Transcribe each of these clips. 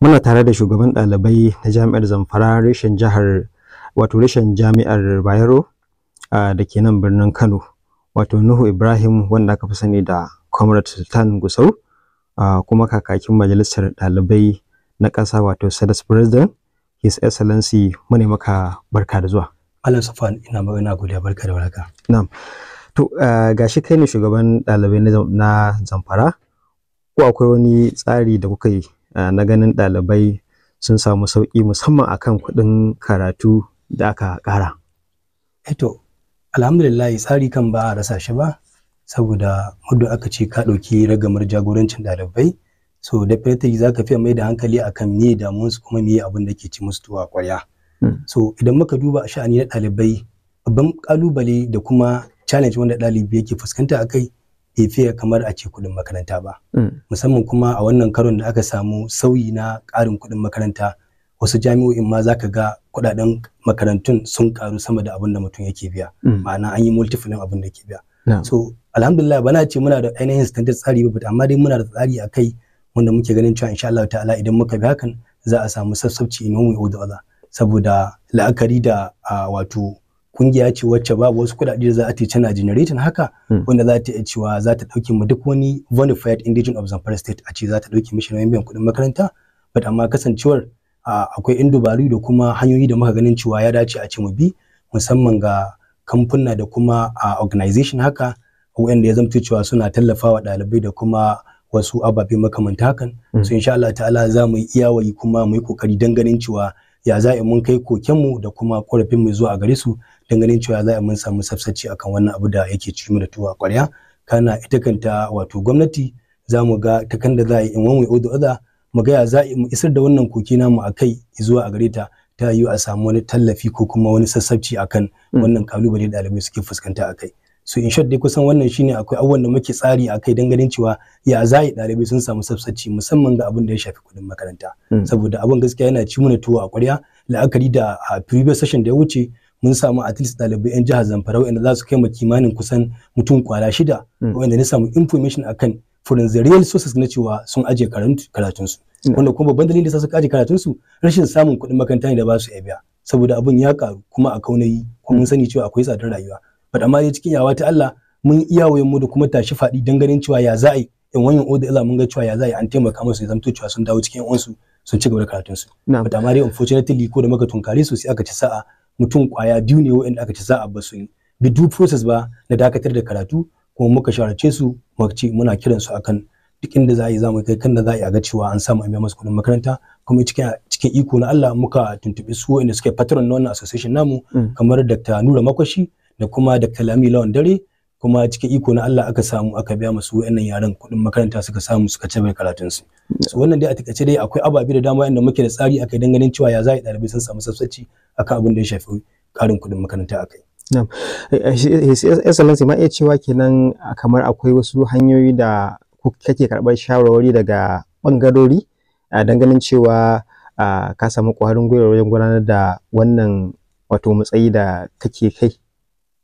muna tare da shugaban ɗalibai na jami'ar zamfara reshen jihar wato reshen jami'ar bayero da ke nan birnin kano wato nuhu ibrahim wanda aka fi sani da comrade sultan gusau kuma kakakin majalisar ɗalibai na ƙasa wato sadas president his excellency mune maka barka da zuwa alan safan ina magana godiya barka da warhaka na'am to gashi kai ne shugaban ɗalibai na zamfara ko akwai wani tsari da kuka yi na ganin ɗalibai sun samu sauƙi musamman akan kuɗin karatu da aka ƙara? Eto, eh alhamdulillah tsari kan ba a rasa shi ba, saboda muddin aka ce ka ɗauki ragamar jagorancin ɗalibai, so definitely za ka fiye mai da hankali akan me su kuma me abin da ke ci musu tuwa ƙwarya. Hmm. So idan muka duba a sha'ani na ɗalibai, babban ƙalubale da kuma challenge wanda ɗalibi yake fuskanta a kai bai fiye kamar a ce kuɗin makaranta ba mm. musamman kuma a wannan karon da aka samu sauyi na ƙarin kuɗin makaranta wasu jami'o'in ma zaka ga kuɗaɗen makarantun sun karu sama da abin da mutum yake biya mm. ma'ana an yi multifilin abin da ke biya so alhamdulillah bana ce muna da ainihin standard tsari ba amma dai muna da tsari a kai wanda muke ganin cewa insha Allah ta'ala idan muka bi hakan za a samu sassauci in one way saboda la'akari da ah, wato kungiya ce wacce babu wasu kudaden da za a ce tana generating haka hmm. wanda za ta iya cewa za ta dauke mu duk wani bonafide indigenous of Zamfara state a ce za ta dauke mishi nauyin biyan kudin makaranta but amma kasancewar akwai in dubaru da kuma hanyoyi da muka ganin cewa ya dace a ce mu bi musamman ga kamfuna da kuma a organization haka wanda ya zamto cewa suna tallafawa dalibai da kuma wasu ababe makamanta hakan hmm. so insha Allah ta'ala za mu yi iyawayi kuma mu yi kokari don ganin cewa ya za'i mun kai kokenmu da kuma korafin mu zuwa a gare su ganin cewa za'i mun samu safsaci akan wannan abu da yake ci mu da tuwa ƙwarya kana ita kanta wato gwamnati za mu ga ta kan da za yi in wani odo oda mu ga ya za mu isar da wannan koki namu a kai zuwa a gare ta ta yi a samu wani tallafi ko kuma wani sassabci akan hmm. wannan kalubale da ɗalibai suke fuskanta a kai so in short dai kusan wannan shine akwai abubuwan da muke tsari a kai dangane cewa ya za yi ɗalibai sun samu sabsaci musamman ga abin da ya shafi kuɗin makaranta hmm. saboda abin gaskiya yana ci mana tuwo a ƙwarya la'akari da a previous session da ya wuce mun samu at least ɗalibai 'yan jihar zamfara wanda za su kai ma kimanin kusan mutum kwara shida hmm. wanda na samu information akan from the real sources na cewa sun ajiye karatunsu hmm. wanda kuma babban dalilin da sa suka ajiye karatunsu rashin samun kuɗin makaranta ne da ba su iya biya saboda abin ya karu kuma a kaunayi kuma mun sani cewa akwai tsadar rayuwa faɗa ma cikin yawa ta Allah mun iya wayan mu da kuma tashi faɗi dan ganin cewa ya yi. in wayan oda ila mun ga cewa ya yi, an taimaka musu ya zamto cewa sun dawo cikin yan su sun ci gaba da karatun su Faɗa amma unfortunately ko da muka tunkare su sai aka ci sa'a mutum kwaya biyu ne wa'anda aka ci sa'a ba su yi bi due process ba na dakatar da karatu kuma muka sharace su muka muna kiran su akan duk inda za a yi za mu kai kan da za a yi a ga cewa an samu an biya musu kuɗin makaranta kuma cikin cikin iko na Allah muka tuntuɓi su wa'anda suke patron na wannan association namu mm. kamar Dr. Nura Makwashi da kuma da kalami lawan dare kuma cikin iko na Allah aka samu aka biya musu wayannan yaran kuɗin makaranta suka samu suka ci bai karatun su so wannan dai a takaice dai akwai ababe da dama inda muke da tsari akai dan ganin cewa ya zai ɗalibai sun samu sassauci akan abin da ya shafi karin kuɗin makaranta akai Na'am. Eh, eh, eh, Excellency ma iya cewa kenan kamar akwai wasu hanyoyi da kake karɓar shawarwari daga ɓangarori a ganin cewa ka samu ƙwarin gwiwa wajen gudanar da wannan wato matsayi da kake kai.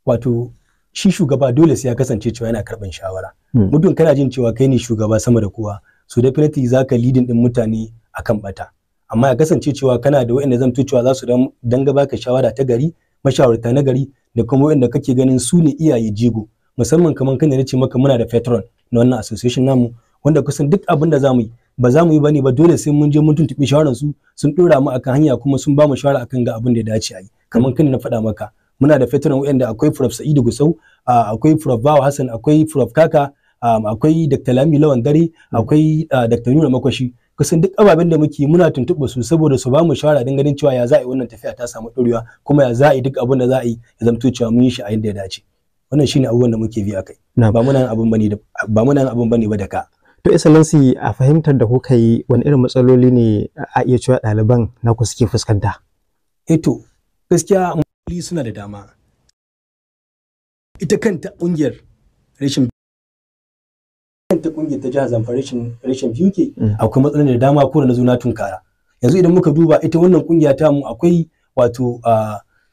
wato shi shugaba dole sai ya kasance cewa yana karban shawara hmm. Mutum kana jin cewa kai ne shugaba sama da kowa so definitely zaka leading din mutane akan bata amma ya kasance cewa kana da waɗanda zan cewa za su danga baka shawara ta gari mashawarta na gari da kuma waɗanda kake ganin su ne iyaye jigo musamman kamar kan da ce maka muna da patron na wannan association namu wanda kusan duk abin da za mu yi ba za mu yi bane ba dole sai mun je mun tuntuɓi shawaran su sun ɗora mu akan hanya kuma sun ba mu shawara akan ga abin da ya dace a yi kamar kan na faɗa maka muna da veteran da akwai prof sa'idu gusau akwai prof bawa hassan akwai prof kaka akwai dr lami lawan dare akwai dr nuna makwashi kusan duk ababen da muke muna tuntuɓa su saboda su bamu shawara don ganin cewa ya za a yi wannan tafiya ta samu ɗorewa kuma ya za a yi duk abin da za a yi ya zamto cewa mun yi shi a yadda ya dace wannan shine abubuwan da muke bi akai ba muna abin bane ba muna abin bane ba da ka to excellency a fahimtar da kuka yi wani irin matsaloli ne a iya cewa ɗaliban na ku suke fuskanta eh to gaskiya kuɗi suna da dama ita kanta ƙungiyar rashin kanta ƙungiyar ta jihar zamfara rashin biyu ke mm. akwai matsalar da dama ko na zo na tunkara yanzu idan muka duba ita wannan ƙungiya ta mu akwai wato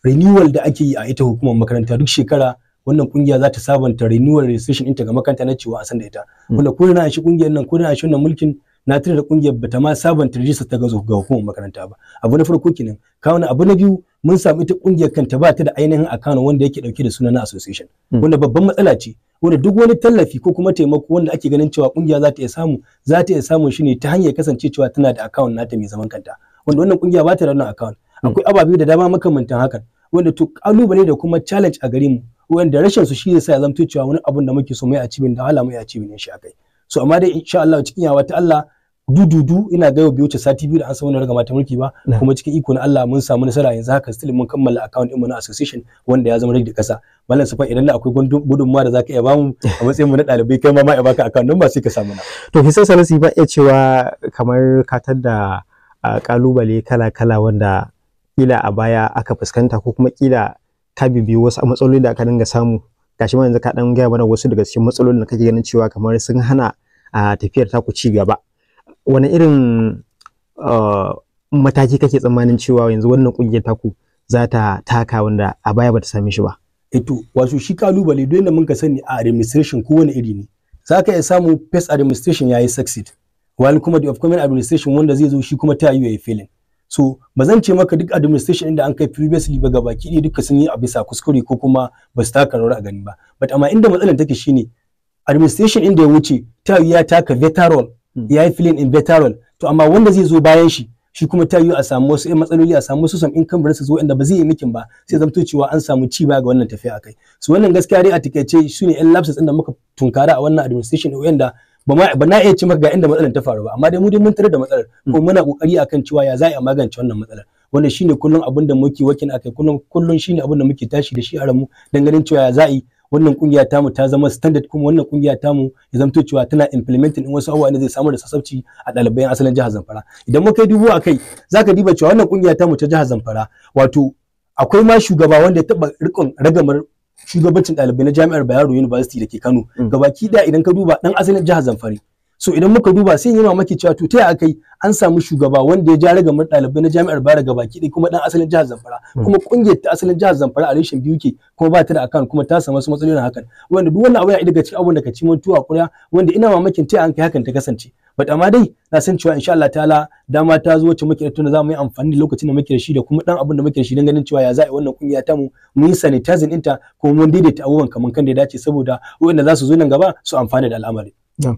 renewal da ake yi a ita hukumar makaranta duk shekara wannan kungiya za ta sabanta renewal registration ɗinta ga makaranta na cewa a san da ita mm. wanda ko na shi kungiyar nan ko na shi wannan mulkin na tare da kungiyar bata ma sabon rijista ta gazo ga hukumar makaranta ba abu na farko kenan kawo abu na biyu mun samu ita kungiyar kanta ba ta da ainihin akano wanda yake dauke da sunan association hmm. wanda babban matsala ce wanda duk wani tallafi ko kuma taimako wanda ake ganin cewa kungiya za ta iya samu za ta iya samun shi ne ta hanyar kasance cewa tana da account nata mai zaman kanta wanda wannan kungiya ba ta da wannan account hmm. akwai ababe da dama makamantan hakan wanda to kalubale da kuma challenge a gare mu wanda rashin su shi yasa ya zamto cewa wani abun da muke so mu yi a cibin da hala mu a cibin shi akai so amma dai insha Allah cikin yawa ta Allah dududu ina ga yau biyu sati biyu da an samu na ragama ta mulki ba kuma cikin iko na Allah mun samu nasara yanzu haka still mun kammala account din mu na association wanda ya zama rage kasa mallan safa idan da akwai gudunmuwa da zaka iya bamu a matsayin mu na dalibai kai ma ma ya baka account number sai ka samu na to hisan sanasi ba iya cewa kamar katar da kalubale ah, kala-kala wanda kila a baya aka fuskanta ko kuma kila ka bibi wasu matsaloli da aka dinga samu gashi ma yanzu ka dan gaya mana wasu daga cikin matsalolin da kake ganin cewa kamar sun hana ah, tafiyar ta ku ci gaba wani irin uh, mataki kake tsammanin cewa yanzu wannan kungiyar taku za ta taka wanda a baya ba ta same shi ba eto eh wato shi kalubale duk mun ka sani a administration ko wani iri ne za ka iya samu first administration ya yi succeed wani kuma the upcoming administration wanda zai zo shi kuma ta yi ya failing so ba zan ce maka duk administration inda an kai previously ba gabaki ɗaya duka sun yi a bisa kuskure ko kuma ba su taka rawar a gani ba but amma inda matsalar take ne, administration inda ya wuce ta ya taka veteran ya yi filin in betarol to amma wanda zai zo bayan shi shi kuma ta yi a samu wasu ‘yan matsaloli a samu wasu kan income zo waɗanda ba zai yi mikin ba sai zamto cewa an samu ci baya ga wannan tafiya akai su wannan gaskiya dai a takaice su ne ‘yan lapses inda da muka tunkara a wannan administration waɗanda ba na iya ce maka ga inda matsalar ta faru ba amma dai mu dai mun tare da matsalar hmm. kuma muna kokari akan cewa ya za a magance wannan matsalar wanda shine kullum abin da muke wakin akai kullun kullum shine abin da muke tashi da shi a ranmu ganin cewa ya za a wannan kungiya mu ta zama standard kuma wannan kungiya mu ya zamto cewa tana implementing in wasu abubuwa ne zai samar da sassafci a dalibai asalin jihar Zamfara idan muka yi dubu a kai zaka diba cewa wannan kungiya mu ta jihar Zamfara wato akwai ma shugaba wanda ya taba rikon ragamar shugabancin dalibai na jami'ar Bayero University da ke Kano mm. gabaki da idan ka duba dan asalin jihar Zamfara so idan muka duba sai yi mamaki cewa to ta akai an samu shugaba wanda ya ja mun ɗalibai na jami'ar bara gaba ki kuma dan asalin jihar zamfara hmm. kuma kungiyar ta asalin jihar zamfara a reshen biyu ke kuma ba ta da akan kuma ta samu wasu na hakan wanda duk wannan abu ya daga cikin abun da ka ci mun tuwa wanda ina mamakin ta an kai hakan ta kasance but amma dai na san cewa insha Allah ta'ala dama ta zo wacce muke da za mu yi amfani da lokacin da muke da shi da kuma dan abun da muke da shi don ganin cewa ya za a yi wannan kungiya ta mu mu yi sanitizing ɗinta kuma mun daidaita abubuwan kaman kan da ya dace saboda waɗanda za su zo nan gaba su amfana da al'amari. To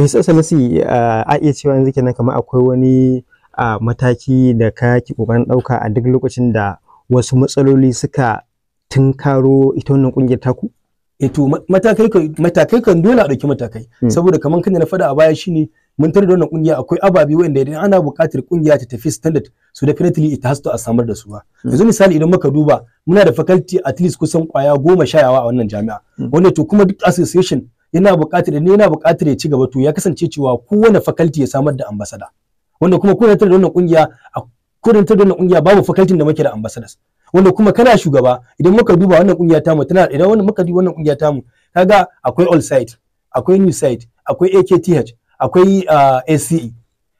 Hisa Salasi eh, a iya cewa yanzu kenan kamar akwai wani ah, mataki da ka ki kokarin ɗauka a duk lokacin da wasu matsaloli suka tunkaro ita wannan kungiyar taku? Eto eh, matakai matakai kan dole a ɗauki matakai hmm. saboda kamar kan na faɗa a baya shine mun tare da wannan kungiya akwai ababi wanda idan ana buƙatar kungiya ta tafi standard so definitely it has to a samar da su ba hmm. yanzu misali idan muka duba muna da faculty at least kusan kwaya goma shayawa a wannan jami'a hmm. wanda to kuma duk association yana buƙatar ne yana buƙatar ya ci gaba to ya kasance cewa kowane faculty ya samar da ambassador wanda kuma tare da wannan kungiya a tare da wannan kungiya babu faculty da muke da ambassadors wanda kuma kana shugaba idan muka duba wannan kungiya tamu tana idan wannan muka duba wannan kungiya tamu kaga akwai all site akwai new site akwai AKTH akwai ACE ah,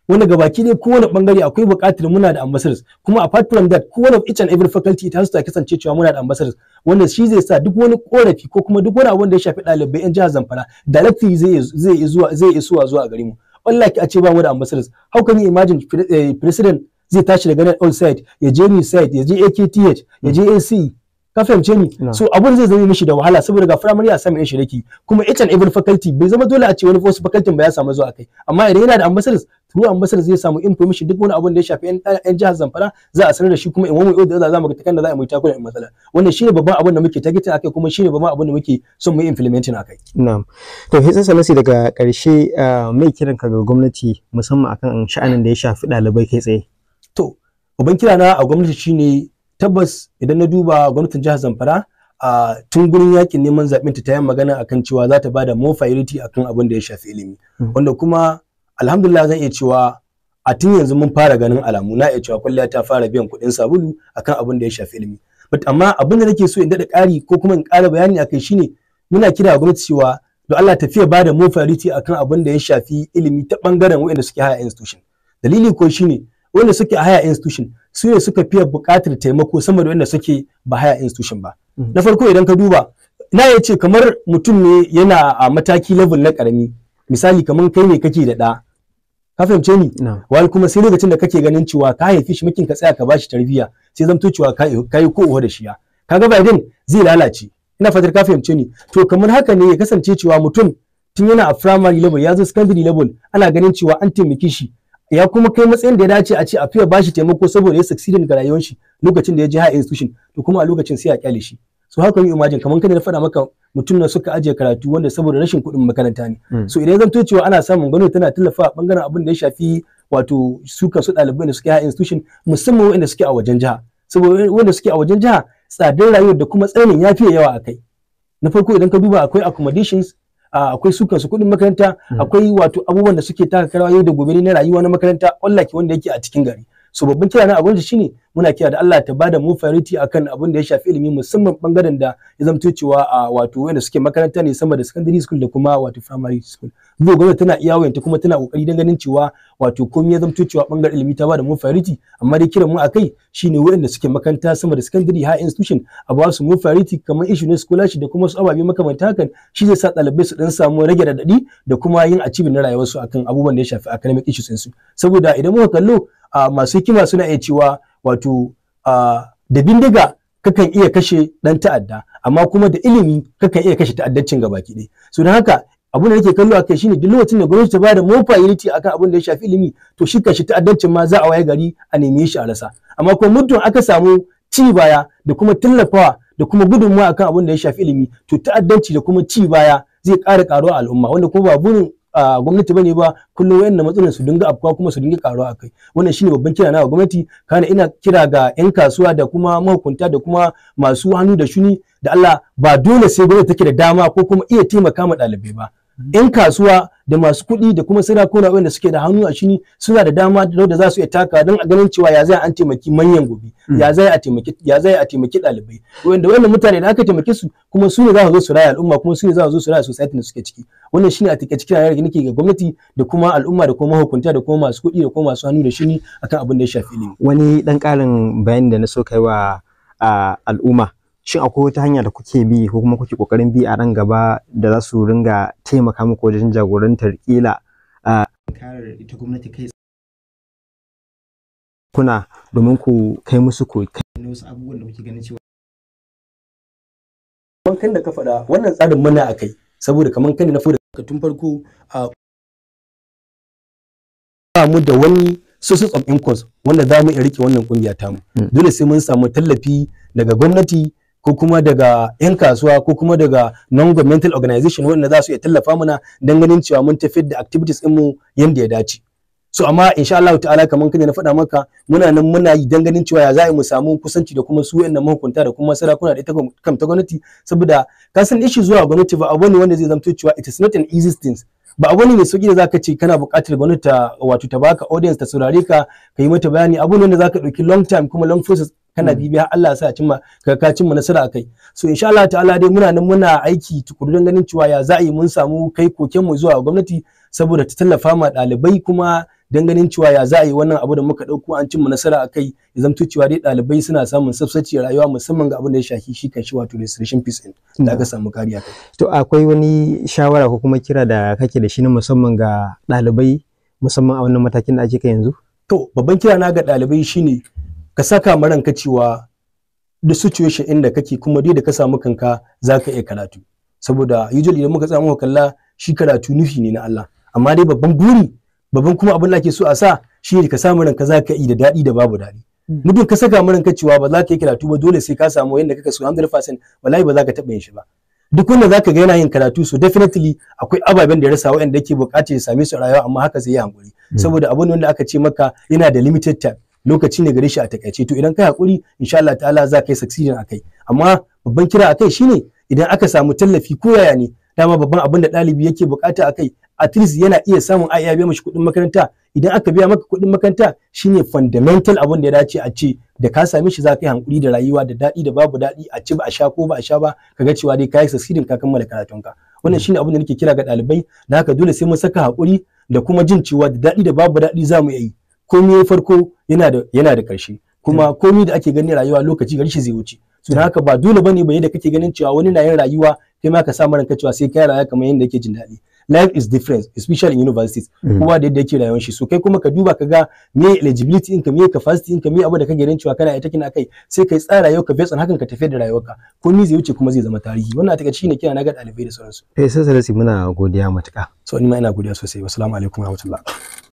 wanda gabaki dai kowane bangare akwai buƙatar muna da ambassadors kuma apart from that kowane each and every faculty ta ta kasance cewa muna da ambassadors wanda shi zai sa duk wani korafi ko kuma duk wani abin da ya shafi ɗalibai 'yan jihar Zamfara directly zai zai zuwa zai isuwa zuwa gare mu wallahi a ce ba mu da ambassadors how can you imagine eh, president zai tashi daga nan on site ya je new site ya je AKTH ya je AC ka fahimce ni so abun zai zama mishi da wahala saboda ga primary assignment shi nake kuma each and every faculty bai zama dole a ce wani wasu faculty ba ya samu zuwa kai amma idan yana da ambassadors through ambassadors zai samu information duk wani abun da ya shafi yan jihar Zamfara za a sanar da shi kuma in wani yau da za mu ga takan da za a mu takura in matsala wannan shine babban abun da muke targeting akai kuma shine babban abun da muke son mu implementing akai na'am to hisan sanasi daga karshe ah, mai kiran ka ga gwamnati musamman akan sha'anin da ya shafi ɗalibai kai tsaye to uban kirana a gwamnati shine tabbas idan na duba gwamnatin jihar zamfara a tun gurin yakin neman zaɓen ta yi magana akan cewa za ta bada more priority akan abin da ya shafi ilimi hmm. wanda kuma alhamdulillah zan iya cewa a tun yanzu mun fara ganin alamu na iya cewa kwalliya ta fara biyan kuɗin sabulu akan abin da ya shafi ilimi but amma abin da nake so in daɗa ƙari ko kuma in ƙara bayani akai shine muna kira gwamnati cewa da Allah tafiya ba da more priority akan abin da ya shafi ilimi ta bangaren wa'anda suke haya institution dalili ko shine wanda suke haya institution su ne suka fiye buƙatar taimako sama da wanda suke ba haya institution ba mm. na farko idan ka duba na ya ce kamar mutum ne yana a mataki level na ƙarami misali kamar kai ne kake da ɗa ka fahimce ni wani kuma sai lokacin da kake ganin cewa ka haifi shi mukin ka tsaya ka bashi tarbiyya sai zamto cewa ka yi ko da shiya kaga ba din zai lalace ina fatar ka fahimce ni to kamar haka ne ya kasance cewa mutum tun yana a primary level ya zo secondary level ana ganin cewa an taimaki shi ya kuma kai matsayin da ya dace a ce a fiye bashi taimako saboda ya succeed ga rayuwar shi lokacin da ya je high institution to kuma a lokacin sai a kyale shi so haka yi imagine kamar kada na faɗa maka mutum na suka ajiye karatu wanda saboda rashin kuɗin makaranta ne hmm. so idan zan cewa ana samun gwamnati tana tallafa a bangaren abin da ya shafi wato su kansu ɗalibai da suke high institution musamman wanda suke a wajen jiha saboda wanda suke a wajen jiha tsadar rayuwar da kuma tsanin ya fiye yawa a kai na farko idan ka duba akwai accommodations Ah, akwai sukan su kudin makaranta hmm. akwai wato abubuwan da suke taka karawa yau da gobe na rayuwa na makaranta wallaki wanda yake a cikin gari so babban kira na a gwamnati shine muna kira da Allah ta bada mu priority akan abin da ya shafi ilimi musamman bangaren da ya zamto cewa a wato wanda suke makaranta ne sama da secondary school da kuma wato primary school zo gwamnati tana iya wayanta kuma tana kokari dan ganin cewa wato komai ya zamto cewa bangaren ilimi ta bada mu priority amma dai kiran mu akai shine wanda suke makaranta sama da secondary high institution a ba su mu priority kamar issue na scholarship da kuma su ababe makamanta hakan shi zai sa ɗalibai su dan samu rage radadi da kuma yin achievement na rayuwarsu akan abubuwan da ya shafi academic issues su saboda idan muka kallo masu hikima suna iya cewa wato da bindiga kakan iya kashe ɗan ta'adda amma kuma da ilimi kakan iya kashe ta'addancin gaba ki so don haka abin da nake kallo a kai shine duk lokacin da gwamnati ta bada mofa akan abin da ya shafi ilimi to shi kashe ta'addancin ma za a waye gari a neme shi a rasa amma kuma muddin aka samu ci baya da kuma tallafawa da kuma gudunmawa akan abin da ya shafi ilimi to ta'addanci da kuma ci baya zai ƙara ƙaruwa al'umma wanda kuma ba burin gwamnati bane ba kullum wayannan matsalolin su dinga afkuwa kuma su dinga karuwa akai wannan shine babban kira na gwamnati kana ina kira ga yan kasuwa da kuma mahukunta da kuma masu hannu da shuni da Allah ba dole sai gwamnati take da dama ko kuma iya taimaka ma ɗalibai ba yan mm-hmm. kasuwa da masu kuɗi da kuma sarakuna wanda suke da hannu a shini suna da dama da za su iya taka don a ganin cewa ya zai an taimaki manyan gobe hmm. ya zai a taimaki a ɗalibai wanda wannan mutane da aka taimaki su kuma su ne za a zo su raya al'umma kuma su ne za su zo su raya society da suke ciki wannan shine a take cikin ayyukan nake ga gwamnati da kuma al'umma da kuma hukunta da kuma masu kuɗi da kuma masu hannu da shini akan abin da ya shafi ilimi wani dan ƙarin bayani da na so kai wa al'umma shin akwai wata hanya da kuke bi ko kuma kuke kokarin bi a ran gaba da za su ringa taimaka muku wajen jagorantar kila a karar ita gwamnati kai kuna domin ku kai musu ko kai wasu abubuwan da kuke ganin cewa kan da ka faɗa wannan tsarin muna a kai saboda kaman kan na ka tun farko a ba mu da wani sources of income wanda za mu iya rike wannan kungiya mu, hmm. dole sai mun samu tallafi daga gwamnati ko kuma daga 'yan kasuwa ko kuma daga non-governmental organization wanda za su iya tallafa mana don ganin cewa mun tafiyar da activities mu yadda ya dace. So amma insha Allah ta'ala kamar kada na faɗa maka muna nan muna yi don ganin cewa ya za mu samu kusanci da kuma su waɗannan mahukunta da kuma sarakuna da ita ta gwamnati saboda kasan ishi zuwa gwamnati ba abu ne wanda zai zamto cewa it is not an easy thing ba abu ne mai sauki da zaka ce kana buƙatar gwamnati ta wato ta baka audience ta saurare ka ka yi mata bayani abu ne da zaka ɗauki long time kuma long process kana hmm. bibiya Allah sa cimma ka ka cimma nasara akai so insha Allah ta'ala dai muna nan muna aiki tukuru don ganin cewa ya za a yi mun samu kai koken mu zuwa gwamnati saboda ta tallafa ma ɗalibai kuma don ganin cewa ya za a yi wannan abu da muka ɗauko an mu nasara a kai ya zamto cewa dai ɗalibai suna samun sabsaci rayuwa musamman ga abin da ya shafi shi kan shi wato restoration peace da aka samu kariya kai. To akwai wani shawara ko kuma kira da kake da shi na musamman ga ɗalibai musamman a wannan matakin da ake kai yanzu? To babban kira na ga ɗalibai shine ka saka maran ka cewa da situation inda kake kuma dai da ka samu kanka zaka iya karatu. Saboda usually idan muka tsaya muka kalla shi karatu nufi ne na Allah. Amma dai babban buri babban kuma abin da ake so a sa shi ne ka samu ranka za ka yi da daɗi da babu daɗi Nufin hmm. ka saka mu ranka cewa ba za ka yi karatu ba dole sai ka samu yadda kaka so 100% wallahi ba za ka taɓa yin shi ba duk wanda za ka ga yana yin karatu so definitely akwai ababen da ya rasa waɗanda yake buƙatar ya same su a rayuwa amma haka sai ya hankuri hmm. saboda abin wanda aka ce maka yana da limited time lokaci ne gare shi a takaice to idan kai hakuri insha Allah ta'ala za ka yi succeeding akai amma babban kira akai shine idan aka samu tallafi ko yaya ne dama babban abin da ɗalibi yake bukata akai at least yana iya samun a biya mashi kuɗin makaranta idan aka biya maka kuɗin makaranta shine fundamental abun da ya dace a ce da ka same shi za ka yi hankuri da rayuwa da daɗi da babu daɗi a ci ba a sha ko ba a sha ba kaga ga cewa dai ka yi succeeding ka kammala karatunka wannan shine abun da nake kira ga ɗalibai da haka dole sai mun saka hakuri da kuma jin cewa da daɗi da babu daɗi za mu yi komai farko yana da yana da ƙarshe kuma hmm. komai da ake gani rayuwa lokaci garshi zai wuce so da haka ba dole bane ba yadda kake ganin cewa wani na yin rayuwa kai ma ka sa maran cewa sai kai rayuwa kamar yadda yake jin daɗi life is different especially in universities mm. kuma da yadda yake rayuwar shi so kai kuma ka duba ka ga me eligibility ɗinka me capacity ɗinka me abu da kake ganin cewa kana ita kina kai sai kai tsara yau ka based on hakan ka tafi da rayuwarka ko ni zai wuce kuma zai zama tarihi wannan a takaice shine kina na ga ɗalibai da sauransu eh sai sai muna godiya matuƙa so ni ma ina godiya sosai wassalamu alaikum warahmatullahi